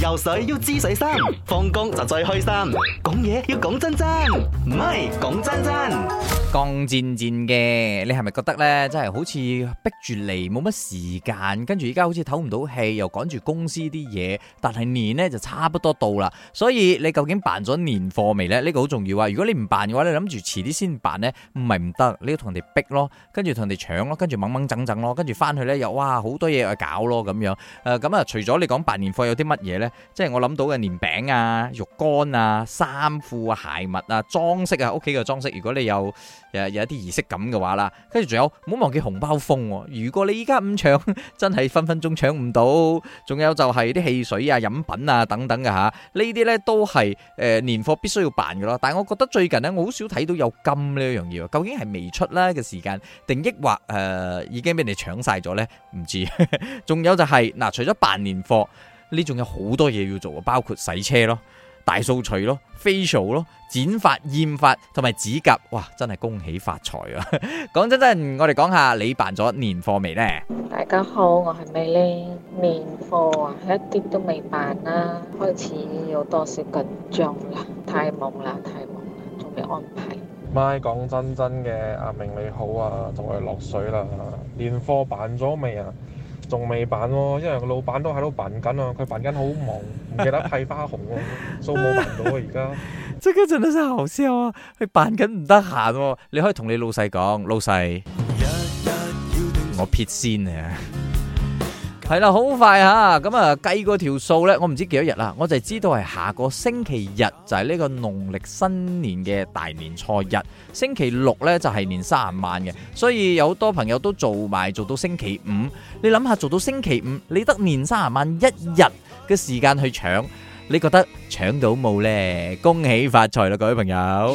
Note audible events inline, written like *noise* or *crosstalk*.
游水要知水深，放工就最開心。講嘢要講真真，唔係講真真，講賤賤嘅。你係咪覺得呢？真係好似逼住嚟，冇乜時間。跟住而家好似唞唔到氣，又趕住公司啲嘢。但係年呢，就差不多到啦，所以你究竟辦咗年貨未呢？呢、呢個好重要啊！如果你唔辦嘅話，你諗住遲啲先辦呢？唔係唔得。你要同人哋逼咯，跟住同人哋搶咯，跟住掹掹整整咯，跟住翻去呢，又哇好多嘢去搞咯咁樣。誒咁啊，除咗你講辦年貨有啲乜嘢呢？即係我諗到嘅年餅啊、肉乾啊、衫褲啊、鞋襪啊、裝飾啊、屋企嘅裝飾，如果你有誒有，有一啲儀式感嘅話啦，跟住仲有唔好忘記紅包封啊。如果你依家咁搶，真係分分鐘搶唔到。仲有就係啲汽水啊、飲品啊等等嘅吓，這些呢啲呢都係誒、呃、年貨必須要辦嘅咯。但係我覺得最近呢，我好少睇到有金呢樣嘢，究竟係未出啦嘅時間，定抑或誒已經俾你搶晒咗呢？唔知。仲 *laughs* 有就係、是、嗱、呃，除咗辦年貨。呢仲有好多嘢要做啊，包括洗車咯、大掃除咯、facial 咯、剪髮、染髮同埋指甲，哇！真係恭喜發財啊！講 *laughs* 真真，我哋講下你辦咗年貨未呢？大家好，我係咪呢？年貨啊，一啲都未辦啦，開始有多少緊張啦，太忙啦，太忙啦，仲未安排。咪講真真嘅，阿明你好啊，同我落水啦，年貨辦咗未啊？仲未辦喎、啊，因為個老闆都喺度辦緊啊，佢辦緊好忙，唔記得派花紅喎、啊，數冇辦到啊而家。即 *laughs* 刻真係好笑啊！佢辦緊唔得閒喎，你可以同你老細講，老細，我撇先啊。係啦，好快吓，咁啊計嗰條數咧，我唔知幾多日啦，我就係知道係下個星期日就係呢個農曆新年嘅大年初一，星期六咧就係年卅晚嘅，所以有好多朋友都做埋做到星期五，你諗下做到星期五，你得年卅晚一日嘅時間去搶，你覺得搶到冇咧？恭喜發財啦，各位朋友！